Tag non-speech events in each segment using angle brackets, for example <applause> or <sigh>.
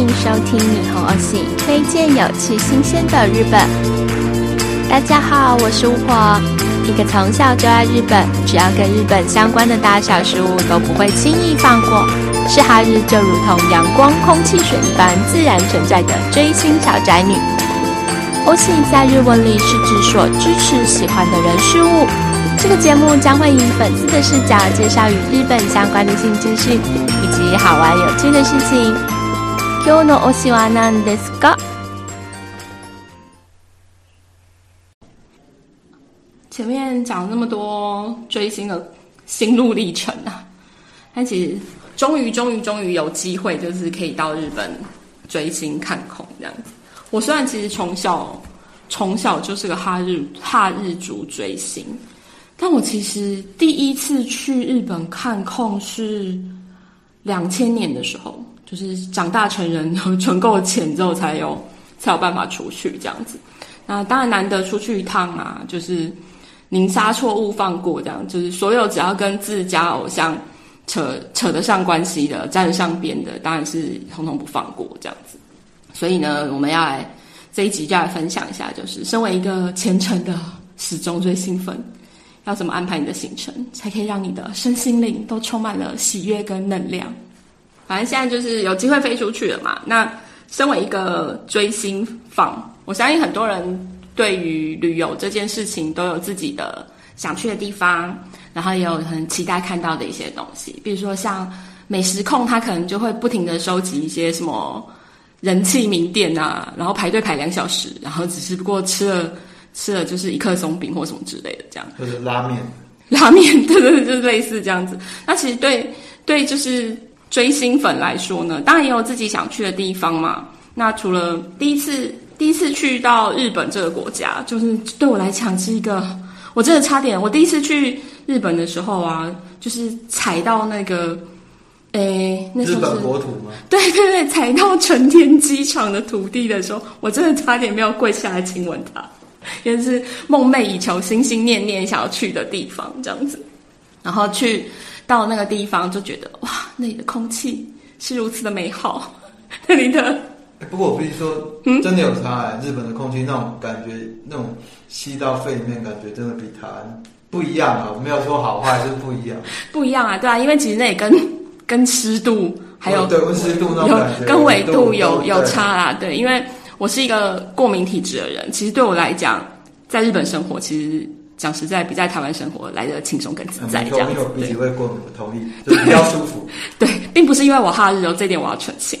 歡迎收聽《霓虹歐系》，推薦有趣新鮮的日本。大家好，我是巫婆，一個從小就愛日本，只要跟日本相關的大小事物都不會輕易放過，是哈日就如同陽光、空氣、水一般自然存在的追星小宅女。歐系在日文裡是指所支持、喜歡的人事物。這個節目將會以粉絲的視角介紹與日本相關的新資訊以及好玩有趣的事情。今天的 oshi 是なんですか？前面講了那麼多追星的心路歷程啊，但其實終於終於終於有機會，就是可以到日本追星看控這樣子。我雖然其實從小從小就是個哈日哈日族追星，但我其實第一次去日本看控是兩千年的時候。就是長大成人，存夠了錢之後才有才有辦法出去這樣子。那當然難得出去一趟啊，就是寧殺錯勿放過這樣。就是所有只要跟自家偶像扯扯得上關係的、站得上邊的，當然是通通不放過這樣子。所以呢，我們要來這一集就來分享一下，就是身為一個虔誠的，始終最興奮，要怎麼安排你的行程，才可以讓你的身心靈都充滿了喜悅跟能量。反正現在就是有機會飛出去了嘛。那身為一個追星粉，我相信很多人對於旅遊這件事情都有自己的想去的地方，然後也有很期待看到的一些東西。比如說像美食控，他可能就會不停的收集一些什麼人氣名店啊，然後排隊排兩小時，然後只是不過吃了吃了就是一顆鬆餅或什麼之類的這樣。就是拉麵。拉麵，對對對，就類似這樣子。那其實對對就是。追星粉來說呢，當然也有自己想去的地方嘛。那除了第一次第一次去到日本這個國家，就是對我來講是一個，我真的差點。我第一次去日本的時候啊，就是踩到那個，哎、欸，那是日本國土嗎？對對對，踩到成田機場的土地的時候，我真的差點沒有跪下來親吻他，也是夢寐以求、心心念念想要去的地方，這樣子，然後去。到那個地方就覺得哇，那裡的空氣是如此的美好，那裡的。欸、不過我必須說，真的有差啊、欸嗯、日本的空氣那種感覺，那種吸到肺裡面感覺，真的比台灣不一樣啊。我沒有說好壞，還是不一樣，不一樣啊，對啊，因為其實那也跟跟濕度還有、哦、對，溫濕度那種有，有跟緯度有，有，有差啊，對，因為我是一個過敏體質的人，其實對我來講，在日本生活其實。講實在，比在台灣生活的來得輕鬆跟自在，這樣有、嗯、對。會過意。癮，比較舒服。對，並不是因為我哈日哦，這一點我要澄清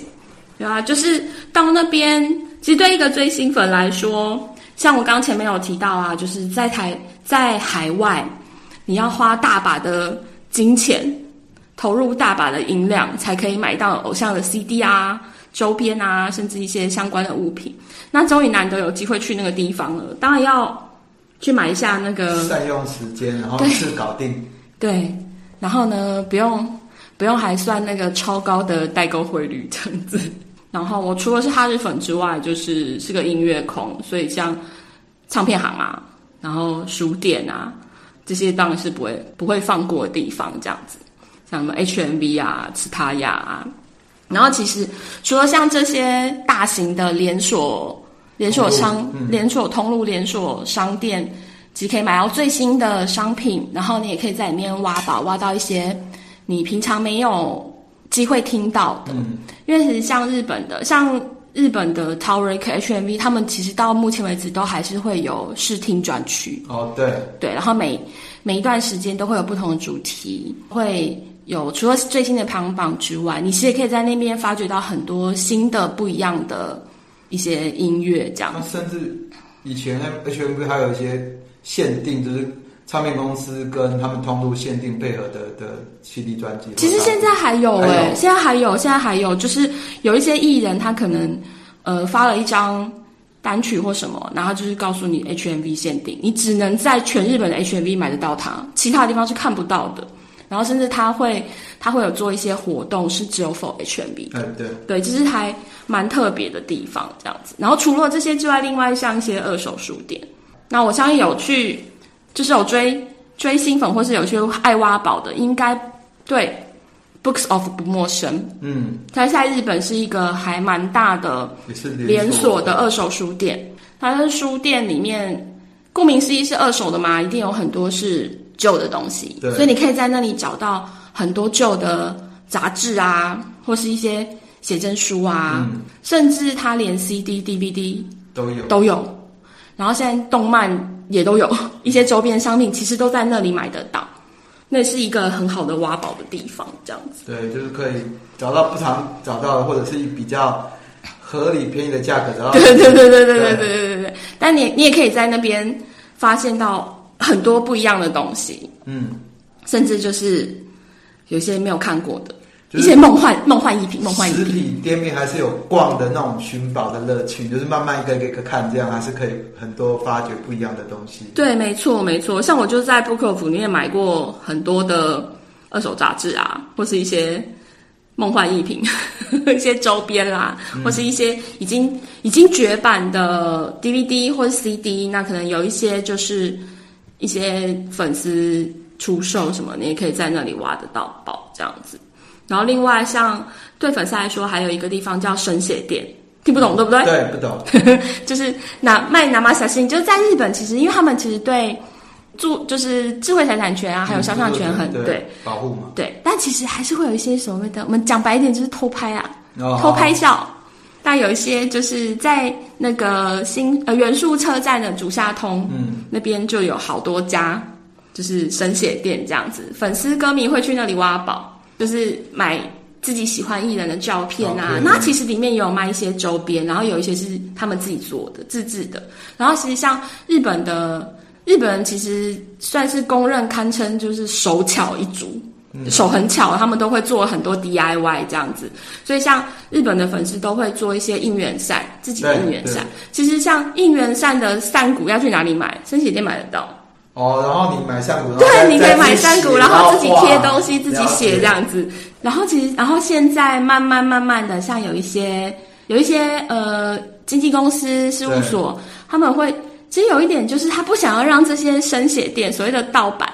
對啊，就是到那邊，其實對一個追星粉來說，像我剛剛前面有提到啊，就是在台在海外，你要花大把的金錢，投入大把的銀兩，才可以買到偶像的 CD 啊、周邊啊，甚至一些相關的物品。那終於難得有機會去那個地方了，當然要。去買一下那個。善用時間，然後一次搞定。對，對，然後呢，不用不用，還算那個超高的代購匯率這樣子。然後我除了是哈日粉之外，就是是個音樂控，所以像唱片行啊，然後書店啊，這些當然是不會不會放過的地方這樣子。像什麼 HMV 啊、其塔呀，然後其實除了像這些大型的連鎖。連鎖商、嗯、連鎖通路、連鎖商店，即可以買到最新的商品，然後你也可以在裡面挖寶，挖到一些你平常沒有機會聽到的。嗯、因為其實像日本的，像日本的 Tower Records HMV，他們其實到目前為止都還是會有試聽專區。哦，對，對。然後每每一段時間都會有不同的主題，會有除了最新的排行榜之外，你其實也可以在那邊發掘到很多新的不一樣的。一些音樂這樣，那甚至以前 HMV 還有一些限定，就是唱片公司跟他們通路限定配合的的 CD 專輯。其實現在還有哎、欸，現在還有，現在還有，就是有一些藝人他可能呃發了一張單曲或什麼，然後就是告訴你 HMV 限定，你只能在全日本的 HMV 買得到它，其他地方是看不到的。然後甚至他會，他會有做一些活動，是只有 for H&B 的。哎，對，對，就是還蠻特別的地方這樣子。然後除了這些之外，另外像一些二手書店，那我相信有去，就是有追追新粉或是有去愛挖寶的，應該對 Books of 不陌生。嗯，它在日本是一個還蠻大的連鎖的二手書店。它的書店裡面，顧名思義是二手的嘛，一定有很多是。舊的東西，對所以你可以在那裡找到很多舊的雜誌啊，嗯、或是一些寫真書啊，嗯、甚至他連 CD、DVD 都有都有。然後現在動漫也都有，一些周邊商品其實都在那裡買得到，那是一個很好的挖寶的地方，這樣子。對，就是可以找到不常找到的，或者是比較合理便宜的價格的話，對對對對對對對對對對。對，但你你也可以在那邊發現到，很多不一樣的東西，嗯，甚至就是有些沒有看過的，就是、一些夢幻夢幻藝品、夢幻藝品店面還是有逛的那種尋寶的樂趣，就是慢慢一個一個看，這樣還是可以很多發掘不一樣的東西。對，沒錯，沒錯。像我就在 BOOKOFF 裡面買過很多的二手雜誌啊，或是一些夢幻藝品、 <laughs> 一些週邊啦、啊，嗯、或是一些已經已經絕版的 DVD 或 CD。那可能有一些就是。一些粉絲出售什麼，你也可以在那裡挖得到寶這樣子。然後另外像對粉絲來說，還有一個地方叫生寫店，聽不懂、嗯、對不對？對，不懂。 <laughs> 就是那賣那馬小心就就是、在日本其實，因為他們其實對住就是智慧財產權啊，還有肖像權很、嗯、對，對，對保護嘛，對。但其實還是會有一些所謂的，我們講白一點就是偷拍啊，哦、偷拍笑。好好那有一些就是在那個新呃原宿車站的竹下通，嗯，那邊就有好多家就是生寫店這樣子，粉絲歌迷會去那裡挖寶，就是買自己喜歡藝人的照片啊。那其實裡面也有賣一些周邊，然後有一些是他們自己做的自製的。然後，其實像日本的日本人，其實算是公認堪稱就是手巧一族。嗯，手很巧，他們都會做很多 DIY 這樣子，所以像日本的粉絲都會做一些應援扇，自己的應援扇。其實像應援扇的扇骨要去哪裡買？生寫店買得到。哦，然後你買扇骨的話，對，你可以買扇骨，然後自己貼東西，自己寫這樣子。解然後其實，然後現在慢慢慢慢的，像有一些有一些呃經紀公司事務所，對他們會其實有一點就是他不想要讓這些生寫店所謂的盜版。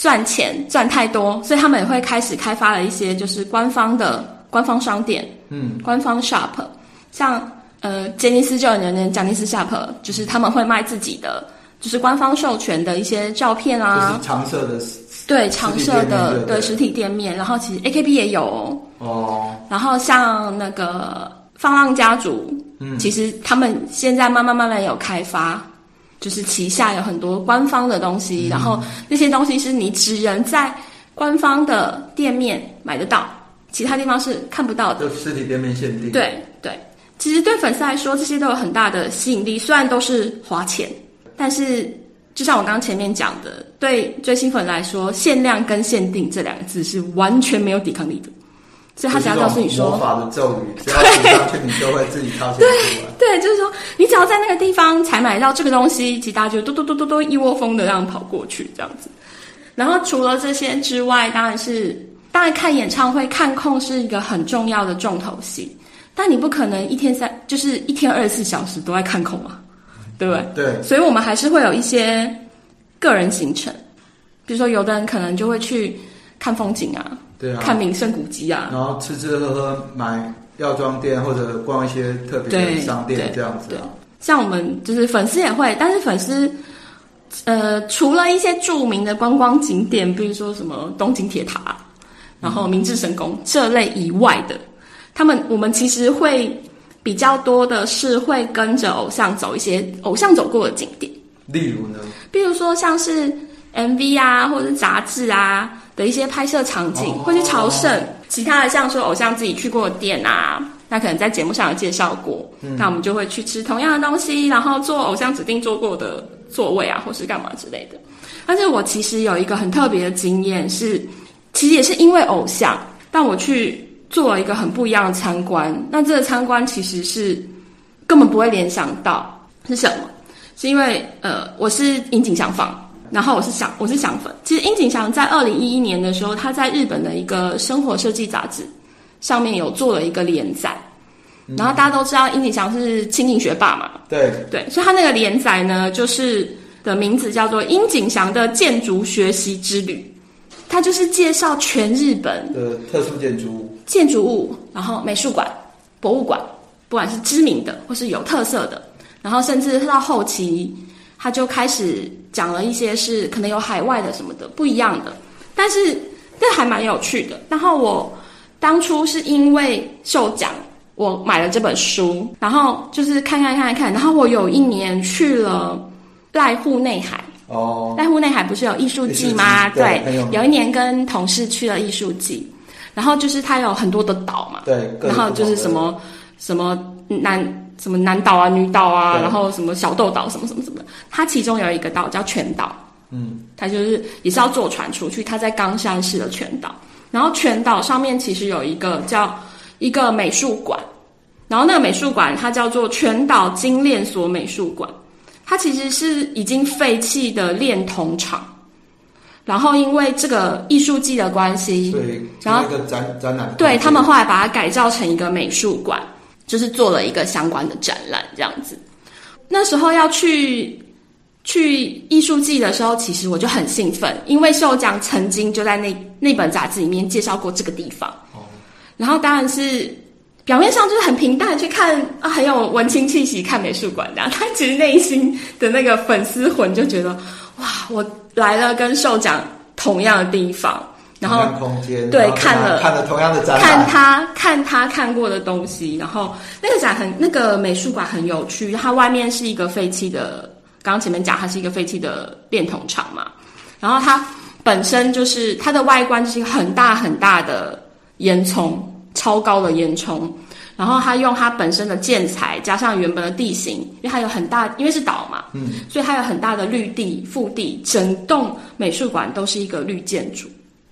賺錢賺太多，所以他們也會開始開發了一些，就是官方的官方商店，嗯，官方 shop，像呃，傑尼斯就有人家傑尼斯 shop，就是他們會賣自己的，就是官方授權的一些照片啊，常設的，對，常設的的實，實體店面，然後其實 AKB 也有哦，哦然後像那個放浪家族，嗯，其實他們現在慢慢慢慢有開發。就是旗下有很多官方的東西，嗯，然後那些東西是你只能在官方的店面買得到，其他地方是看不到的。就實體店面限定。對對，其實對粉絲來說，這些都有很大的吸引力，雖然都是花錢，但是就像我剛剛前面講的，對追星粉來說，限量跟限定這兩個字是完全沒有抵抗力的。所以他只要告訴你說，說法的咒語。對，就要你都會自己掏錢。對對，就是說，你只要在那個地方才買到這個東西，其他就嘟嘟嘟嘟嘟一窩蜂的這樣跑過去這樣子。然後除了這些之外，當然是，當然看演唱會看控是一個很重要的重頭戲，但你不可能一天三，就是一天二十四小時都在看控嘛、啊，嗯、對不對？對，所以我們還是會有一些個人行程，比如說有的人可能就會去看風景啊。對啊，看名勝古蹟啊，然後吃吃喝喝，買藥妝店或者逛一些特別的商店對這樣子，啊。像我們就是粉絲也會，但是粉絲呃，除了一些著名的觀光景點，比如說什麼東京鐵塔，啊、然後明治神宮這類以外的，嗯、他們我們其實會比較多的是會跟着偶像走一些偶像走過的景點。例如呢？比如說像是 MV 啊，或者是雜誌啊。的一些拍攝場景，或是朝聖，其他的像說偶像自己去過的店啊，那可能在節目上有介紹過，嗯、那我們就會去吃同樣的東西，然後坐偶像指定坐過的座位啊，或是幹嘛之類的。但是我其實有一個很特別的經驗，是其實也是因為偶像，但我去做了一個很不一樣的參觀。那這個參觀其實是根本不會聯想到是什麼，是因為呃，我是櫻井翔飯。然後我是想，我是想粉，其實櫻井翔在二零一一年的時候，他在日本的一個生活設計雜誌上面有做了一個連載。嗯、然後大家都知道，櫻井翔是慶應學霸嘛？對。對，所以他那個連載呢，就是的名字叫做《櫻井翔的建築學習之旅》，他就是介紹全日本的特殊建築物、建築物，然後美術館、博物館，不管是知名的或是有特色的，然後甚至他到後期。他就開始講了一些是可能有海外的什麼的不一樣的，但是這還蠻有趣的。然後我當初是因為受獎，我買了這本書，然後就是看看看看，然後我有一年去了瀨戶內海，哦，瀨戶內海不是有藝術季嗎？對，對，有一年跟同事去了藝術季。然後就是它有很多的島嘛，嗯、對，然後就是什麼對什麼南。什麼男島啊，女島啊，對然後什麼小豆島，什麼什麼什麼的，它其中有一個島叫犬島，嗯，它就是也是要坐船出去，它在岡山市的犬島。然後犬島上面其實有一個叫一個美術館，然後那個美術館它叫做犬島精煉所美術館，它其實是已經廢棄的煉銅廠，然後因為這個藝術季的關係，以然後一個展展覽，對他們後來把它改造成一個美術館。就是做了一個相關的展覽，這樣子。那時候要去去藝術季的時候，其實我就很興奮，因為壽獎曾經就在那那本雜誌裡面介紹過這個地方。哦，oh. 然後當然是表面上就是很平淡去看啊，很有文青氣息看美術館這樣，但其實內心的那個粉絲魂就覺得哇，我來了，跟壽獎同樣的地方。然後，對，看了看了同樣的展覽，看他看他看過的東西。嗯、然後那個展很那個美術館很有趣，它外面是一個廢棄的，剛剛前面講它是一個廢棄的煉銅廠嘛。然後它本身就是它的外觀就是一個很大很大的煙囪，超高的煙囪。然後它用它本身的建材加上原本的地形，因為它有很大，因為是島嘛，嗯，所以它有很大的綠地腹地，整棟美術館都是一個綠建築。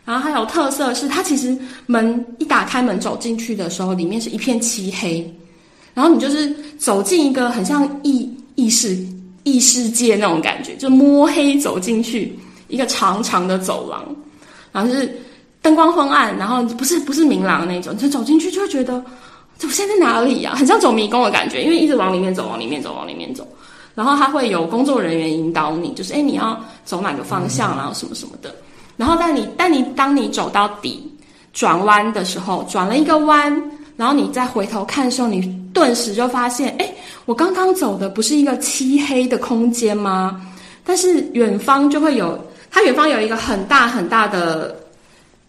然後還有特色是，它其實門一打開門走進去的時候，裡面是一片漆黑，然後你就是走進一個很像異異世異世界那種感覺，就摸黑走進去一個長長的走廊，然後就是燈光昏暗，然後不是不是明朗那種，你就走進去就會覺得，這我現在在哪裡啊？很像走迷宮的感覺，因為一直往裡面走，往裡面走，往裡面走。然後它會有工作人員引導你，就是哎，你要走哪個方向啊，然後什麼什麼的。然後在你、但你、當你走到底轉彎的時候，轉了一個彎，然後你再回頭看的時候，你頓時就發現，哎，我剛剛走的不是一個漆黑的空間嗎？但是遠方就會有，它遠方有一個很大很大的，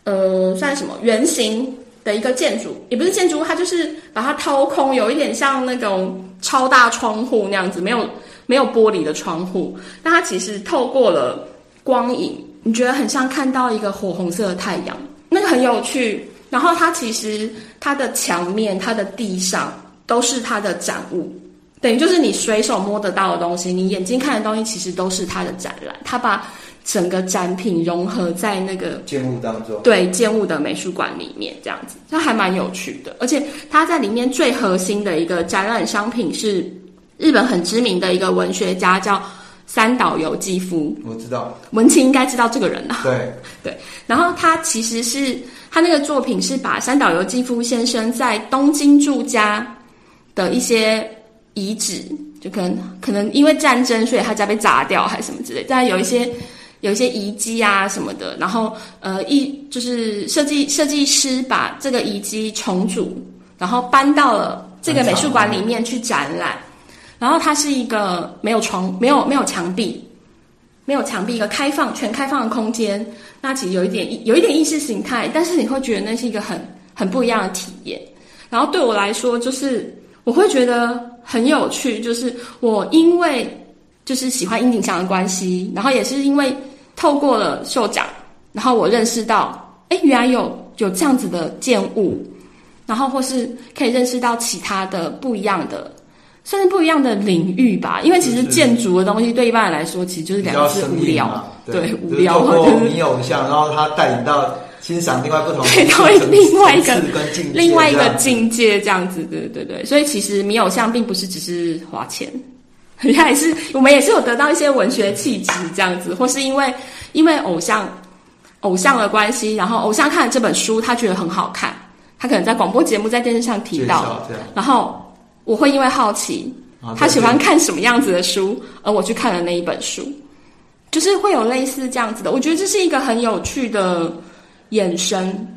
呃，算什麼圓形的一個建築，也不是建築，它就是把它掏空，有一點像那種超大窗戶那樣子，沒有沒有玻璃的窗戶，但它其實透過了光影。你覺得很像看到一個火紅色的太陽，那個很有趣。然後它其實它的牆面、它的地上都是它的展物，等於就是你隨手摸得到的東西，你眼睛看的東西，其實都是它的展覽。它把整個展品融合在那個建物當中，對，建物的美術館裡面這樣子，它還蠻有趣的。而且它在裡面最核心的一個展覽商品是日本很知名的一個文學家叫。三島由紀夫，我知道，文青應該知道這個人啊。對對，然後他其實是他那個作品是把三島由紀夫先生在東京住家的一些遺址，就可能可能因為戰爭，所以他家被砸掉還是什麼之類，但有一些有一些遺跡啊什麼的，然後呃一就是設計設計師把這個遺跡重組，然後搬到了這個美術館裡面去展覽。然後它是一個沒有床、沒有沒有牆壁、沒有牆壁，一個開放、全開放的空間。那其實有一點、有一點意識形態，但是你會覺得那是一個很很不一樣的體驗。然後對我來說，就是我會覺得很有趣，就是我因為就是喜歡櫻井翔的關係，然後也是因為透過了秀獎，然後我認識到，哎，原來有有這樣子的建物，然後或是可以認識到其他的不一樣的。算是不一樣的領域吧，因為其實建築的東西對一般人來說，其實就是兩個字無聊，你對，無聊。就是、透過迷偶像，然後他帶領到欣賞另外不同，對到另外一個另外一個境界這樣子，對對對。所以其實迷偶像並不是只是花錢，看也是我們也是有得到一些文學氣質這樣子，或是因為因為偶像偶像的關係，然後偶像看了這本書，他覺得很好看，他可能在廣播節目在電視上提到，然後。我會因為好奇他喜歡看什麼樣子的書，啊、對對而我去看了那一本書，就是會有類似這樣子的。我覺得這是一個很有趣的眼神。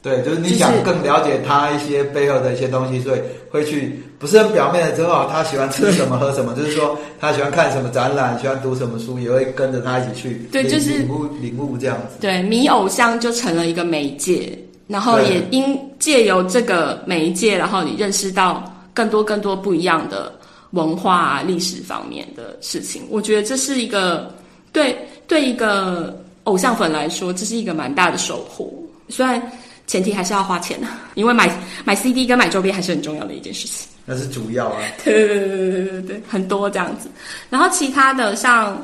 對，就是你想更了解他一些背後的一些東西，就是，所以會去不是很表面的知道他喜歡吃什麼、 <laughs> 喝什麼，就是說他喜歡看什麼展覽、喜歡讀什麼書，也會跟着他一起去。對，就是領悟、領悟這樣子。對，迷偶像就成了一個媒介，然後也因借對由這個媒介，然後你認識到。更多更多不一樣的文化啊、歷史方面的事情，我覺得這是一個對、對一個偶像粉來說，這是一個蠻大的收穫。雖然前提還是要花錢啊，因為買買 CD 跟買周邊還是很重要的一件事情。那是主要啊，對對對、對對對，很多這樣子。然後其他的像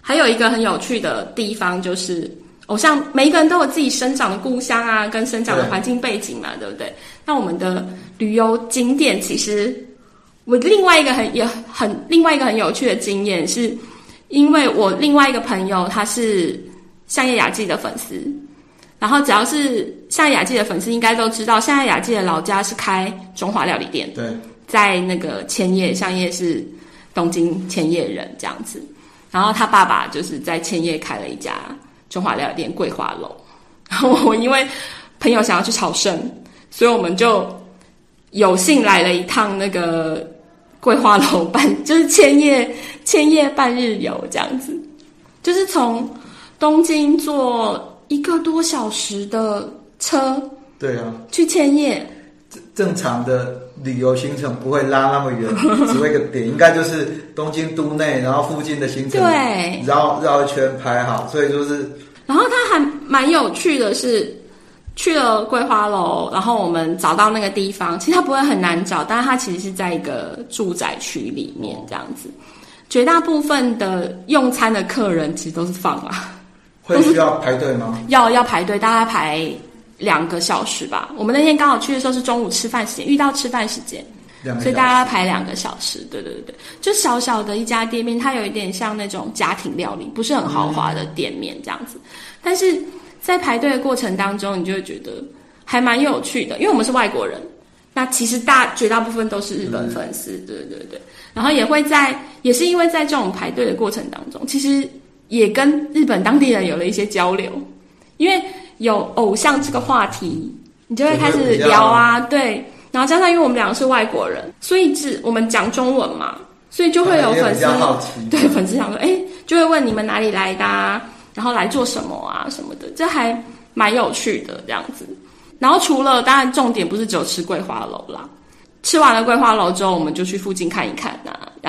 還有一個很有趣的地方就是。偶像，每一個人都有自己生長的故鄉啊，跟生長的環境背景嘛，對，對，對不對？那我們的旅遊景點，其實我另外一個很有很另外一個很有趣的經驗，是因為我另外一個朋友他是相葉雅紀的粉絲，然後只要是相葉雅紀的粉絲，應該都知道相葉雅紀的老家是開中華料理店，對，在那個千葉，相葉是東京千葉人這樣子，然後他爸爸就是在千葉開了一家。中華料理店桂花樓，然後我因為朋友想要去朝聖，所以我們就有幸來了一趟那個桂花樓半，就是千葉千葉半日遊這樣子，就是從東京坐一個多小時的車，對啊，去千葉。正常的旅遊行程不會拉那麼遠，只會一個點，應該就是東京都內，然後附近的行程，然後對繞，繞一圈排好，所以就是。然後它還蠻有趣的是，去了桂花樓，然後我們找到那個地方，其實它不會很難找，但是它其實是在一個住宅區裡面這樣子，絕大部分的用餐的客人其實都是放啊，會需要排隊嗎？ <laughs> 要要排隊，大家排。兩個小時吧，我們那天剛好去的時候是中午吃飯時間，遇到吃飯時間，時，所以大家排兩個小時。對對對，就小小的一家店面，它有一點像那種家庭料理，不是很豪華的店面這樣子。哦、但是在排隊的過程當中，你就會覺得還蠻有趣的，因為我們是外國人，那其實大絕大部分都是日本粉絲，嗯、對對對。然後也會在，也是因為在這種排隊的過程當中，其實也跟日本當地人有了一些交流，因為。有偶像這個話題，你就會開始聊啊，對，然後加上因為我們兩個是外國人，所以只我們講中文嘛，所以就會有粉絲對粉絲想說，哎、欸，就會問你們哪裡來的啊，然後來做什麼啊什麼的，這還蠻有趣的這樣子。然後除了當然重點不是只有吃桂花樓啦，吃完了桂花樓之後，我們就去附近看一看。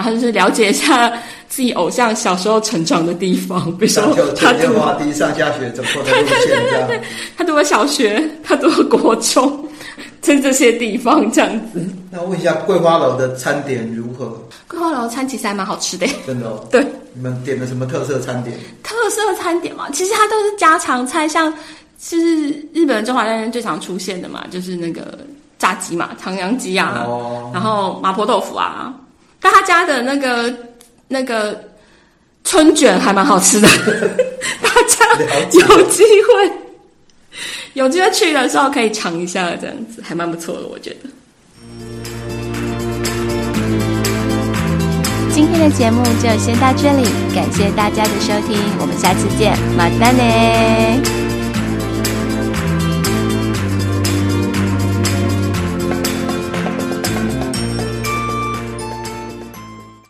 然後就是了解一下自己偶像小時候成長的地方，比如說他華第一上下學怎麼過，對對，對，對他讀了小學，他讀了國中，在這些地方這樣子。那我問一下桂花樓的餐點如何？桂花樓餐其實還蠻好吃的，真的哦。對，你們點了什麼特色餐點？特色餐點嘛，其實它都是家常菜，像是日本的中華人最常出現的嘛，就是那個炸雞嘛，唐揚雞啊，哦、然後麻婆豆腐啊。他家的那個那個春捲還蠻好吃的，大 <laughs> 家有機會了了有機會去的時候可以嘗一下，這樣子還蠻不錯的，我覺得。今天的節目就先到這裡，感謝大家的收聽，我們下次見，馬丹妮。